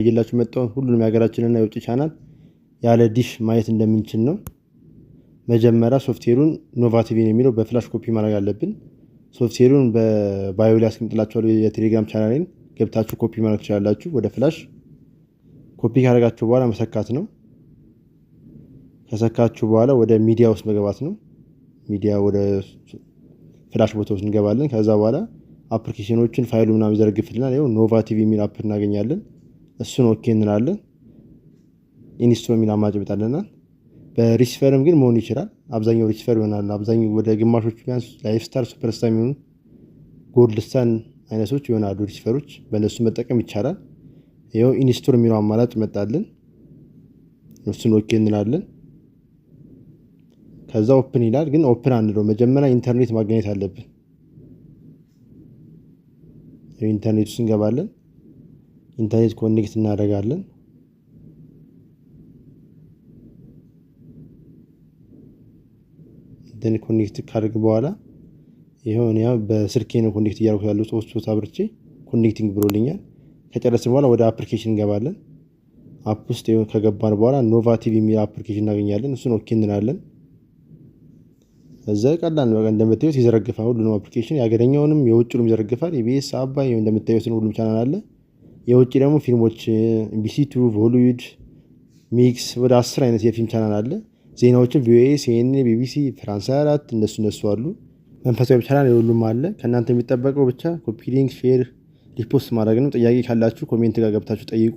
ይዤላችሁ መጣሁ። ሁሉንም የሀገራችንና የውጭ ቻናል ያለ ዲሽ ማየት እንደምንችል ነው። መጀመሪያ ሶፍትዌሩን ኖቫቲቪን የሚለው በፍላሽ ኮፒ ማድረግ አለብን። ሶፍትዌሩን በባዮ ላይ አስቀምጥላችኋለሁ የቴሌግራም ቻናሌን ገብታችሁ ኮፒ ማድረግ ትችላላችሁ። ወደ ፍላሽ ኮፒ ካደረጋችሁ በኋላ መሰካት ነው። ከሰካችሁ በኋላ ወደ ሚዲያ ውስጥ መግባት ነው። ሚዲያ ወደ ፍላሽ ቦታ ውስጥ እንገባለን። ከዛ በኋላ አፕሊኬሽኖችን ፋይሉ ምናምን ይዘረግፍልናል። ይኸው ኖቫቲቪ የሚል አፕ እናገኛለን። እሱን ኦኬ እንላለን። የሚል አማራጭ ይመጣልናል። በሪሲቨርም ግን መሆን ይችላል። አብዛኛው ሪሲቨር ይሆናል። አብዛኛው ወደ ግማሾቹ ቢያንስ ላይፍ ስታር፣ ሱፐር ስታር የሚሆኑ ጎልድ አይነቶች ይሆናሉ ሪሲቨሮች። በእነሱ መጠቀም ይቻላል። ይኸው ኢንስቶር የሚለው አማራጭ ይመጣልን። እሱን ኦኬ እንላለን። ከዛ ኦፕን ይላል፣ ግን ኦፕን አንለው። መጀመሪያ ኢንተርኔት ማግኘት አለብን። ኢንተርኔቱ ስንገባለን ኢንተርኔት ኮኔክት እናደርጋለን። ደን ኮኔክት ካደርግ በኋላ ይሆን ያው በስልኬ ነው ኮኔክት እያደረኩት ያለው ሶስት ሶስት አብርቼ ኮኔክቲንግ ብሎልኛል። ከጨረስን በኋላ ወደ አፕሊኬሽን እንገባለን። አፕ ውስጥ ከገባን በኋላ ኖቫ ቲቪ የሚል አፕሊኬሽን እናገኛለን። እሱን ኦኬ እንላለን። እዛ ቀላል ነው። በቃ እንደምታዩት ይዘረግፋል ሁሉንም አፕሊኬሽን የአገረኛውንም የውጭንም ይዘረግፋል። ኢቢኤስ አባይ እንደምታዩትን ሁሉም ቻናል አለ። የውጭ ደግሞ ፊልሞች ኢቢሲቱ፣ ሆሊውድ፣ ሚክስ ወደ አስር አይነት የፊልም ቻናል አለ። ዜናዎችን ቪኦኤ፣ ሲኤንኤ፣ ቢቢሲ፣ ፍራንስ አራት እነሱ እነሱ አሉ። መንፈሳዊ ቻናል የሁሉም አለ። ከእናንተ የሚጠበቀው ብቻ ኮፒ ሊንክ፣ ሼር፣ ሪፖስት ማድረግ ነው። ጥያቄ ካላችሁ ኮሜንት ጋር ገብታችሁ ጠይቁ።